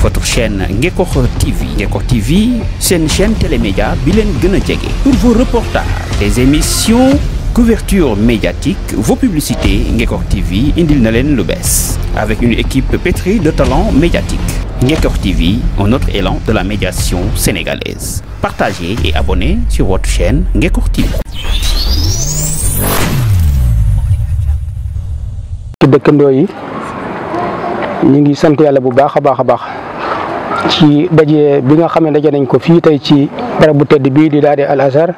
votre chaîne Ngekokh TV Ngeko TV une chaîne télémédia bi leen pour vos reportages des émissions couverture médiatique vos publicités Ngekokh TV indil Nalen Lubes. avec une équipe pétrie de talents médiatiques Ngekokh TV un autre élan de la médiation sénégalaise partagez et abonnez sur votre chaîne Ngekokh TV dëkkandoo yi ngi Je ci daje bi nga xam ne daje nañ ko fii tey ci barab bu tedd bii di daade al azhar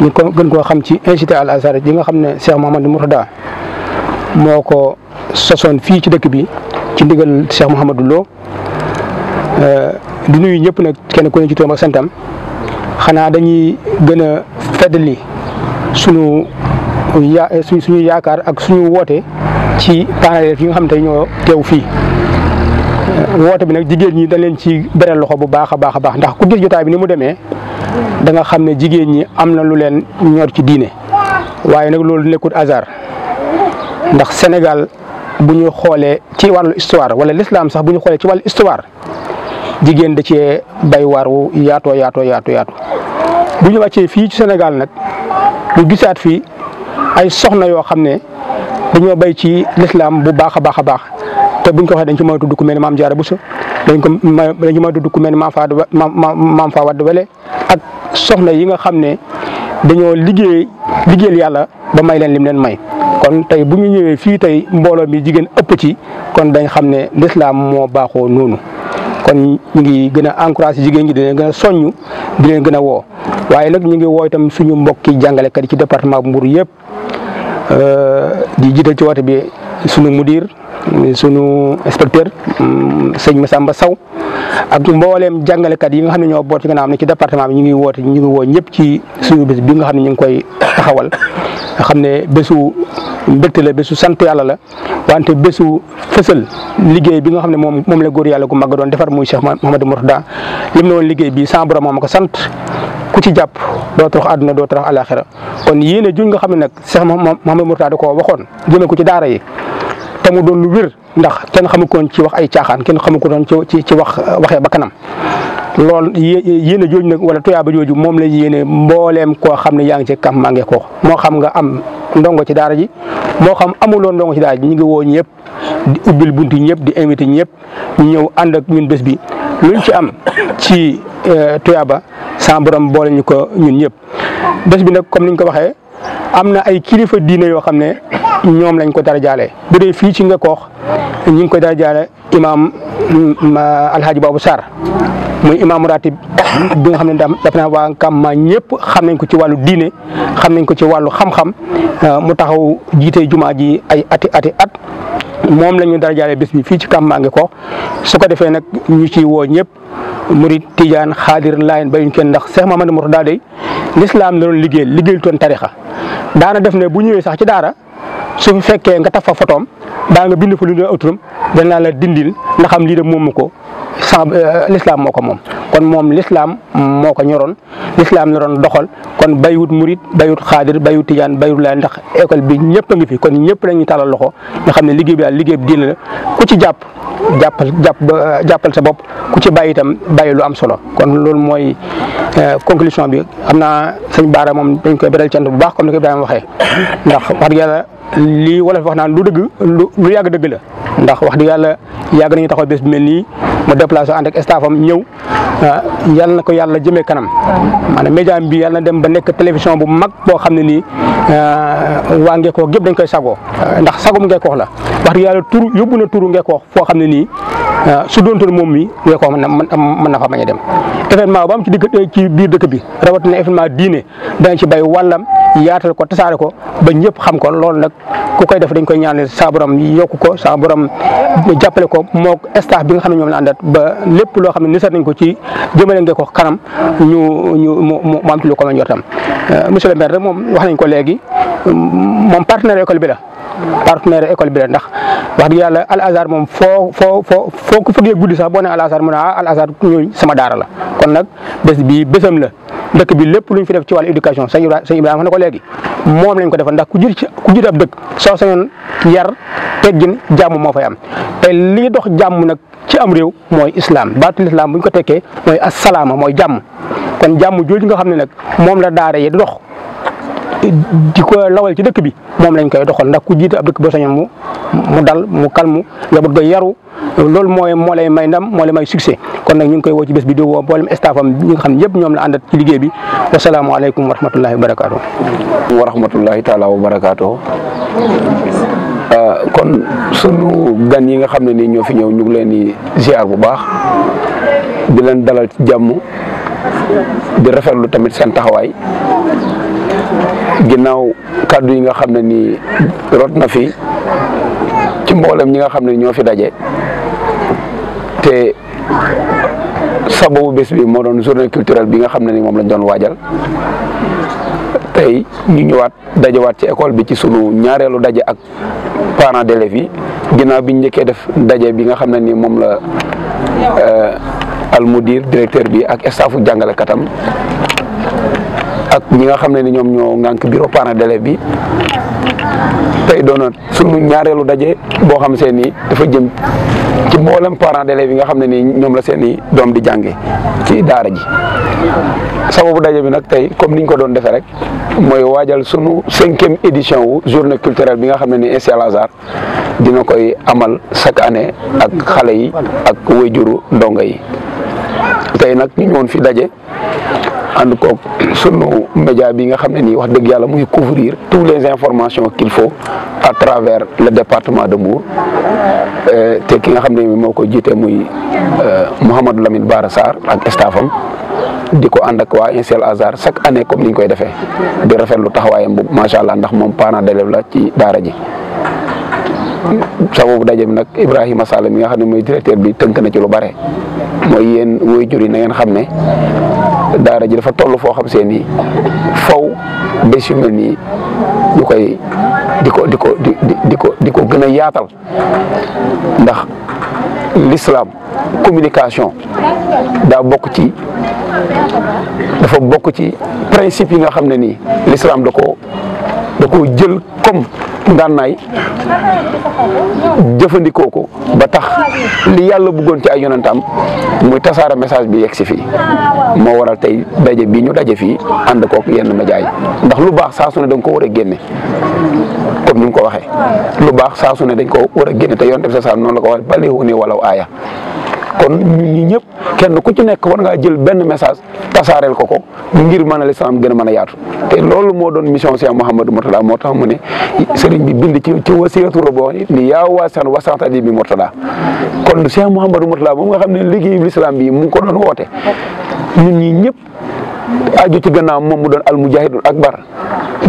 ñu ko gën koo xam ci institut al azhar nga xam ne Cheikh Mouhamadou Mourtada moo ko sosoon fii ci dëkk bi ci ndigal Cheikh Mouhamadou Lo euh, di nuyu ñëpp nag kenn ku ne ci santam xanaa dañuy gën a feddali sunu ya suñu yaakaar ak suñu woote ci parents fi nga xam ne tey ñoo teew fii. woote bi nag jigéen ñi dañ leen ci beral loxo bu baax a baax a baax ndax ku gis jotaay bi ni mu demee da nga xam ne jigéen ñi am na lu leen ñor ci diine waaye nag loolu nekkul hasard ndax Sénégal bu ñu xoolee ci wàllu histoire wala l'islam sax bu ñu xoolee ci wàllu histoire jigéen da cee bay waaru yaatoo yaatoo yaatu yaatu bu ñu wàccee fii ci Sénégal nag ñu gisaat fii ay soxna yoo xam ne dañoo bay ci l'islam bu baax a baax a baax te buñ ko waxee dañ ci mën a tudd ku mel ni maam Diarra Bousso dañ ko dañ ci mën a tudd ku mel ni maam Faa maam Faa Wadd ak soxna yi nga xam ne dañoo liggéey liggéeyal yàlla ba may leen lim leen may. kon tey bu ñu ñëwee fii tey mbooloo mi jigéen ëpp ci kon dañ xam ne lislaam moo baaxoo noonu kon ñu ngi gën a encouragé jigéen ñi di leen gën a soññ di leen gën a woo waaye nag ñu ngi woo tam suñu mbokki jàngalekat yi ci département bu Mbour yëpp euh, di jiital ci woote bi. sunu mudir sunu inspecteur sëñ Massamba Sow ak mbooleem jàngalekat yi nga xam ne ñoo boot ci gannaaw am ne ci département bi ñu ngi woote ñu ngi woo ñëpp ci suñu bés bi nga xam ne ñu ngi koy taxawal xam ne bésu mbégte la bésu sant yàlla la wante bésu fësal liggéey bi nga xam ne moom moom la góor yàlla gu mag doon defar muy Cheikh Mouhamadou Mourtada lim la woon liggéey bi sans borom moo ma ko sant ku ci jàpp doo torox àdduna doo torox alaxira kon yéene juñ nga xam ne nag Cheikh Mouhamadou Mourtada da koo waxoon jëmee ko ci daara yi te mu doon lu wér ndax kenn xamu koon ci wax ay caaxaan kenn xamu ko doon ci ci wax waxee ba kanam loolu yéene jooju nag wala tuyaaba jooju moom la yéene mbooleem koo xam ne yaa ngi ci campement nge ko moo xam nga am ndongo ci daara ji moo xam amuloo ndongo ci daara ji ñu ngi woo ñëpp di ubbil bunti ñëpp di invité ñëpp ñu ñëw ànd ak ñun bés bi luñ ci am ci euh, tuyaaba sa borom boole ñu ko ñun ñëpp bés bi nag comme niñ ko waxee am na ay kilifa diine yoo xam ne ñoom lañ ko dara jaale bu dee fii ci nga koox ñu ngi ko dara jaale imaam mm, Alhaji Babou Sarr muy imaamu ratib bi nga xam ne daam daf naa waa Nkàmma ñëpp xam nañ ko ci wàllu diine xam nañ ko ci wàllu xam-xam euh, mu taxaw jiite jumaa ji ay ati ati at moom la ñu dara jaale bés fii ci Kàmma ngi ko su ko defee nag ñu ci woo ñëpp murid tijaan xaadir laayen bayuñ kenn ndax ma Cheikh Mamadou Mourtada day lislaam la doon liggéey liggéeyal toon tarixa daana def ne bu ñëwee sax ci daara su fekkee nga taf fa fotoom daa nga bind fa lu ñu autorum dañ naa la dindil nga xam lii de moom mu ko sans euh, l'islam moo ko moom kon moom lislaam moo ko ñoroon lislaam la doon doxal kon baywut murit baywut xaadir baywut tiijaan baywut laay ndax école bi ñëpp ngi fi kon ñëpp la ñuy talal loxo nga xam ne liggéey bi daal liggéey bi diina la ku ci jàpp jàppal jàpp jàppal sa bopp ku ci bàyyi itam lu am solo kon loolu mooy euh, conclusion bi xam naa sëñ Baara moom dañ koy beral cant bu baax comme ni ko Ibrahima waxee ndax wax dëgg yàlla lii wolof wax naan lu dëgg lu yàgg dëgg la ndax wax di yalla yag nañu taxaw bes bu mel nii mu déplacé ak staffam ñew ah, yalla na yalla jëme kanam man média bi yalla dem ba nek télévision bu mag bo xamni ni euh ah, wangé ko gëp dañ koy sago ndax sagum Ngekoox la wax di yalla tour yobbu na turu Ngekoox foo fo xamni ni ah, su doontoon mom mi Ngekoox ko man na fa bañ dem événement ba am ci digg ci biir dëkk bi na événement diine dañ ci bay walam yaatale ko tasaare ko ba ñëpp xam ko loolu nag ku koy def dañ koy ñaanal saa borom yokku ko saa borom jàppale ko moo staff bi nga xam ne ñoom la àndat ba lépp loo xam ne nisar nañ ko ci jëmale nga ko kanam ñu ñu mu am ci lu ko mën a jotam euh, monsieur le rek moom wax nañ ko léegi moom partenaire école bi la partenaire école bi la ndax wax dëgg yàlla al azar moom foo foo foo foo ko fëggee guddi sax boo ne al azar mu ne ah sama daara la kon nag bi bésam la dëkk bi lépp lu fi def ci wàllu éducation sëñ Ibrahima wax na ko léegi moom lañ ko defal ndax ku jir ci ku jir ab dëkk soo sañoon yar teggin jàmm moo fay am te li dox jàmm nag ci am réew mooy islam baatu islam bu ko tekkee mooy asalaama mooy jàmm kon jàmm jooju nga xam ne nag moom la daara yi dox di lawal ci dëkk bi mom lañ koy doxal ndax ku jitt ab dëkk bo sañam mu mu dal mu kalmu njaboot ga yaru loolu moy moo lay may ndam moo lay may succès kon nak ñu ngi koy wo ci bés bi do woo mboolem staffam ñi nga xam ne ñom la andat ci liggéey bi wasalaamaaleykum wa rahmatullahi wa barakaatu wa rahmatullahi taala wa euh kon sunu gan yi nga xam ni nii ñoo fi ñëw ñu ngi leen di ziar bu baax di leen dalal ci jamm di rafetlu tamit sen taxaway ginnaaw kàddu yi nga xam ne nii rot na fi ci mboolem ñi nga xam ne ñoo fi daje te sababu bés bi moo doon journée culturelle bi nga xam ne ni moom lañ doon waajal tey ñu ñëwaat dajewaat ci école bi ci sunu ñaareelu daje ak parent d'élèves yi ginnaaw bi njëkkee def daje bi nga xam ne ni moom la euh, almudir directeur bi ak jàngale katam ak ñi nga xam nyom ni ñom ñoo ngank biro parent d'élève bi tay doona sunu ñaarelu dajé bo xam sé ni dafa jëm ci mbolam parent d'élève yi nga xam ni ñom la seen dom doom di jànge ci daara ji sababu dajé bi nak tay comme niñ ko doon défé rek wajal suñu sunu cinquième édition wu journée culturelle bi nga xam ni Institut Lazar dina koy amal chaque année ak xalé yi ak wayjuru ndonga yi tay nak ñu fi daje and ko sunu media bi nga xamné ni wax deug yalla muy couvrir tous les informations qu'il faut à travers le département de taking euh té ki nga xamné moko jité muy euh Mohamed Lamine Barassar ak staffam diko and ak wa Insel Azar chaque année comme niñ koy défé di lu taxawayam bu ma sha Allah ndax mom parent d'élève la ci dara ji sa bobu dajem nak ibrahim Sall nga xamné moy directeur bi teunk na ci lu bare moy yeen way juri na ngeen xamné daara ji dafa toll foo xam see ni faw bés yu mel nii ñu koy di ko di ko di di ko di ko gën a yaatal ndax l'islam communication daa bokk ci dafa bokk ci principe yi nga xam ne nii l'islam da ko da koo jël comme ngànnaay jëfandikoo ko ba tax li yàlla buggoon ci ay yonentam muy tasaara message bi yegg si fii moo waral tey daje bii ñu daje fii ànd kook yenn média yi ndax lu baax saa su ne dañ nga ko war a génne comme ni ko waxe lu baax saa su ne dañ ko war a génne tey yoon def sa saa noon la ko waxee balihu ni walaw aaya kon ñun ñi ñëpp kenn ku ci nekk war ngaa jël benn message tasaareel ko ko ngir mën a lislaam gën a man a yaatu te loolu moo doon mission Cheikh Mouhamadou Mourtada moo tax mu ne sëriñ bi bind ci ci wasiyatu raboo ni yaa waasan wasanta di bi Mourtada kon Cheikh Mouhamadou Mourtada moom nga xam ne liggéeyu lislaam bi mu ngi ko doon woote ñun ñi ñëpp aju ci gannaaw moom mu doon al mujahidul akbar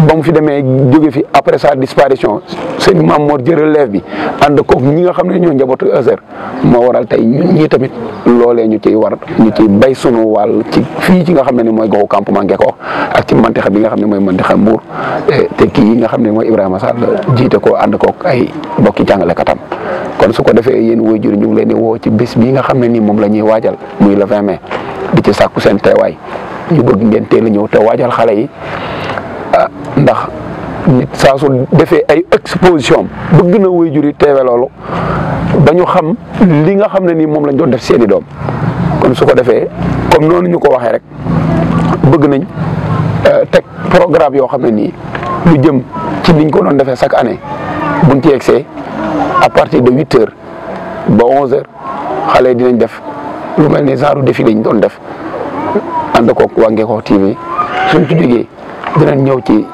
ba mu fi demee jóge fi après sa disparition sëñ Maam Mor jë relève bi ànd koog ñi nga xam ne ñoo njabootu Azhar moo waral tey ñun ñii tamit loolee ñu ciy war ñu ciy bay sunu waal ci fii ci nga xam ne mooy goxu campement Ngeko ak ci mantixa bi nga xam ne mooy mantixa Mbour eh, te ki yi nga xam ne mooy Ibrahima Sall jiite ko ànd koog ay bokki katam kon su ko defee yéen waajur ñu ngi leen di woo ci bis bii nga xam ne nii moom la ñuy waajal muy le 20 di ci sàkku seen teewaay ñu bëgg ngeen teel a ñëw te waajal xale yi ah ndax nit saa su defee ay exposition bëgg na woy juri teewe loolu ba ñu xam li nga xam ne nii moom lañ doon def seeni doom kon su ko defee comme noonu ñu ko waxee rek bëgg nañ eh, teg programme yoo xam ne nii lu jëm ci niñ ko doon defee chaque année buñ ci yegsee à partir de huit heures ba onze heures xale yi dinañ def lu mel ne genre défi ñu doon def ànd koog waa Ngeko TV suñ ci jógee dinañ ñëw ci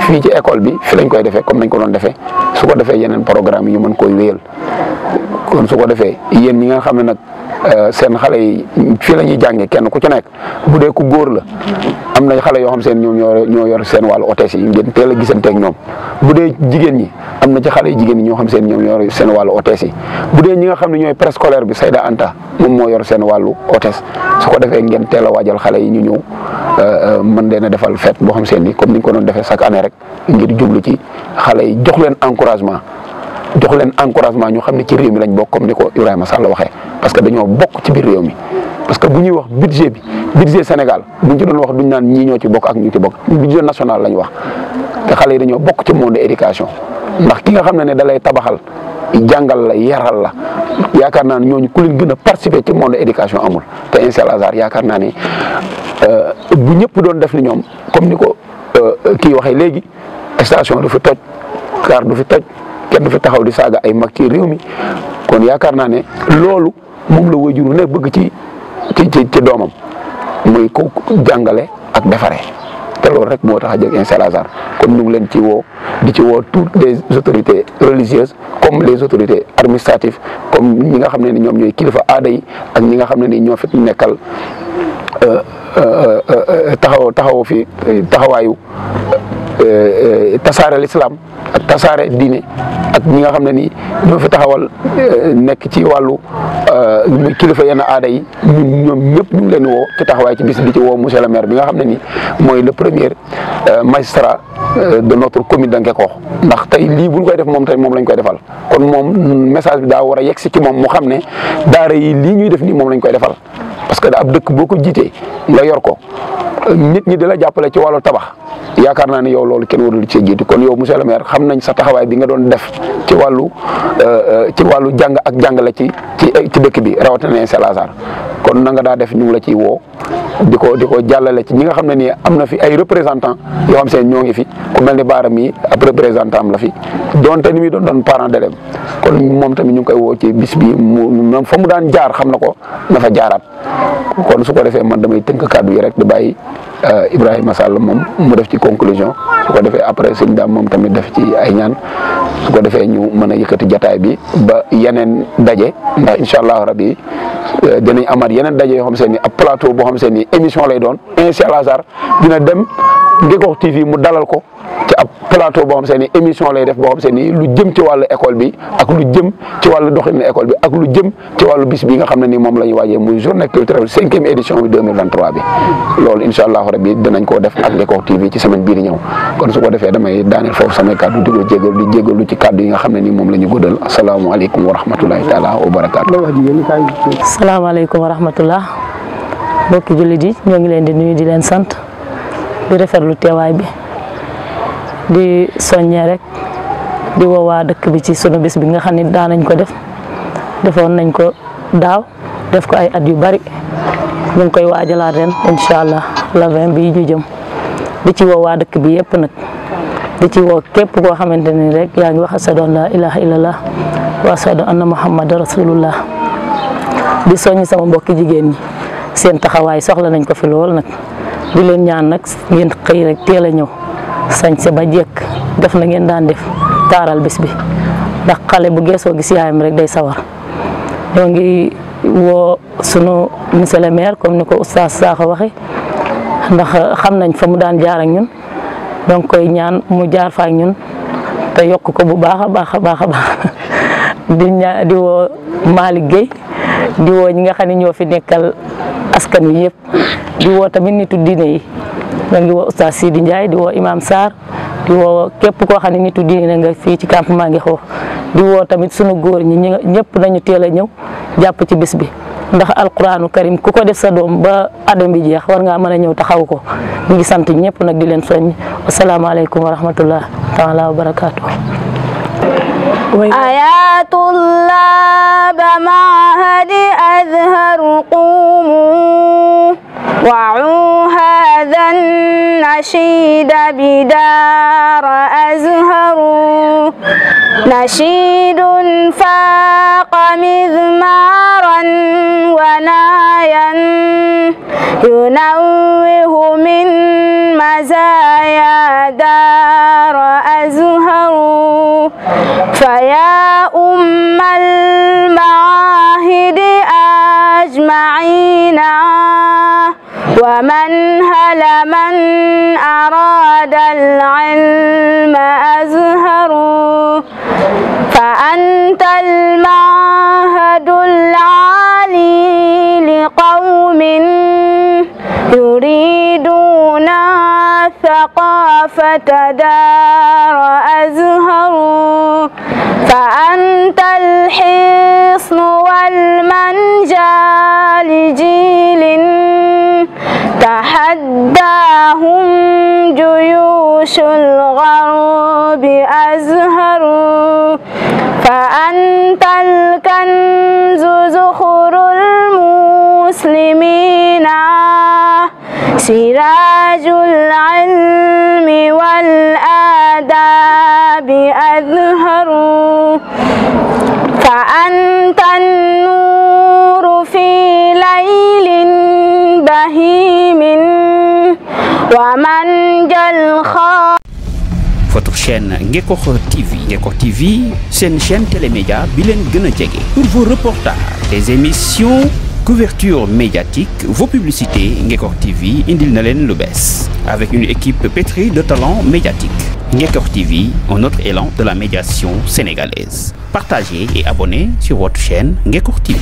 fii ci école bi fi lañ koy defee comme nañ ko doon defee su ko defee yeneen programme yi ñu mën koy wéyal kon su ko defee yéen ñi nga xam ne nag euh, seen xale yi fii la ñuy jàngee kenn ku ci nekk bu dee ku góor la amna xalé yo yoo xam seen ñoo ñoo yor seen walu hôtesse yi ngeen teel gisante ak ñoom budé jigen ñi amna ci xalé jigen ñi ñoo xam seen ñoom ñoo yor seen walu hôtesse yi budé ñi nga xam ni ñoy préscolaire bi Sayda Anta mom mo yor seen walu hôtesse su ko défé ngeen teel a xalé yi ñu ñew euh, euh mën leen a defal fête bo xam seen ni comme ni ko doon défé chaque année rek ngir djublu ci xalé yi jox leen encouragement jox leen encouragement ñu xam ni ci réew mi lañ bokk comme ni ko Ibrahima Sall waxé parce que dañoo bokk ci bir réew mi parce que bu ñuy wax budget bi budget Sénégal buñ ci doon wax duñ naan ñii ñoo bokk ak ñu ci bokk budget national lañ wax xale yi dañoo bokk ci monde éducation ndax ki nga xam ne ne da tabaxal jàngal la yaral la yaakaar naa ne ñooñu ku leen gën a participer ci monde éducation amul te incha allah yaakaar naa ne euh, bu ñëpp doon def ni ñoom comme ni ko euh, ki waxee léegi station du fi toj car du fi toj kenn du fi taxaw di saaga ay mag ci réew mi kon yaakaar naa ne loolu moom la wajuru ne bëgg ci ci ci doomam. muy ku jàngale ak defare te loolu rek moo tax a jóg in Saint-Lazare kon ñu leen ci woo di ci woo toutes les autorités religieuses comme les autorités administratives comme ñi nga xam ne ni ñoom ñooy kilifa aada ak ñi nga xam ne ni ñoo fi nekkal euh, euh, euh, taxaw taxaw fi taxawaayu Eh, eh, tasaare lislaam ak tasaare diine ak ñi nga xam ne nii ñoo fi taxawal eh, nekk ci wàllu muy kilifa yenn aada yi ñun ñoom ñëpp ñu leen woo ci taxawaay ci bis bi ci woo monsieur le maire bi nga xam ne nii mooy le premier magistrat de notre commune de Ngekoox ndax tey lii bu ñu koy def moom tey moom lañ koy defal kon moom message bi daa war a yegg si ci moom mu xam ne daara yi lii ñuy def nii moom lañ koy defal parce que da ab dëkk boo ko jiitee nga yor ko nit ñi di la jàppale ci wàllu tabax yaakaar naa ne yow loolu kenn warul ci jiitu kon yow monsieur le maire xam nañ sa taxawaay bi nga doon def ci wàllu euh, euh, ci wàllu jàng ak jàngale ci ci ci dëkk bi rawatina ne Salasar kon na nga daa def ñu la ciy woo di ko di ko jàllale ci ñi nga xam ne ni am na fi ay représentant yoo xam seen ñoo ngi fi ku mel ni baara mi ab représentant am la fi donte ni muy doon doon parent d'élève kon moom tamit ñu ngi koy woo ci bis bi mu fa mu daan jaar xam na ko na fa jaaraat kon su ko defee man damay tënk kàddu yi rek di bàyyi Euh, Ibrahima Sall moom mu def ci conclusion su ko defee après sëñ daam moom tamit def ci ay ñaan su ko defee ñu mën a yëkkati jataay bi ba yeneen daje ndax incha allah rabi euh, dinañ amaat yeneen daje yoo xam seen ni ab plateau boo xam seen ni émission lay doon incha allah dina dem Ngeekoox TV mu dalal ko. ab plateau boo xam see ni émission lay def boo xam see ni lu jëm ci wàllu école bi ak lu jëm ci wàllu doxalinu école bi ak lu jëm ci wàllu bis bi nga xam ne ni moom la ñu waajee muy journée culturelle cinquième édition bi 2023 bi loolu incha rabbi dinañ koo def ak Ndekoox TV ci semaine bii di ñëw kon su ko defee damay daaneel foofu samay kàddu di ko jégal di jégalu ci kàddu yi nga xam ni wa taala wa barakaatu asalaamaaleykum wa rahmatullah mbokki jullit yi ngi leen di nuyu di leen sant di rafetlu teewaay bi di soññee rek di woowaa dëkk bi ci sunu bis bi nga xamni ne daan nañ ko def defoon nañ ko daaw def ko ay at yu bari ñu ngi koy waajalaat ren inshallah la vin bi ñu jëm di ci woo dëkk bi yépp nak di ci wo képp ko xamanteni rek ya ngi wax asadu la ilaha illallah wa asadu anna muhammad rasulullah di soññ sama mbokk jigen ni seen taxaway soxla nañ ko fi lool nak di leen ñaan nak ngeen xey rek téla ñew sañse ba jek def na ngeen daan def taral bés bi ndax xale bu gesso gis yaayam rek day sawar ñoo ngi wo sunu monsieur le maire comme niko oustaz saxa waxe ndax xam nañ fa mu daan jaar ak ñun donc koy ñaan mu jaar fa ak ñun te yok ko bu baaxa baaxa baaxa baax di ñaa di wo malik Gueye di wo ñi nga xani fi nekkal askan yi yep di wo tamit nitu diine yi ñoo ngi wo oustad Sidi ndjay di wo Imam sar di wo kep ko xam nitu di na nga fi ci campement ngi xoof di wo tamit sunu goor ñi ñepp nañu téla ñew japp ci bis bi ndax alquranu karim kuko def sa dom ba adam bi jeex war nga mëna ñew taxaw ko ñi ngi sant ñepp nak di leen assalamu alaykum wa rahmatullah taala wa barakatuh آيات الله بمعهد أزهر قوموا وعوها ذا النشيد بدار أزهر نشيد فاق مذمارا ونايا ينوه من مزايا دار أزهر فيا أم المعاهد أجمعين ومن هل من أراد العلم قوم يريدون ثقافة دار أزهر فأنت الحصن والمنجى لجيل تحداهم جيوش الظالمين سراج العلم والآداب أظهر فأنت النور في ليل بهيم ومن جلخا votre chaîne Ngekokh TV. Ngekokh TV, c'est une chaîne télémédia bilingue Pour vos reportages, des émissions couverture médiatique vos publicités Gecor TV indil Nalen BES, avec une équipe pétrie de talents médiatiques Gecor TV un autre élan de la médiation sénégalaise partagez et abonnez sur votre chaîne Gecor TV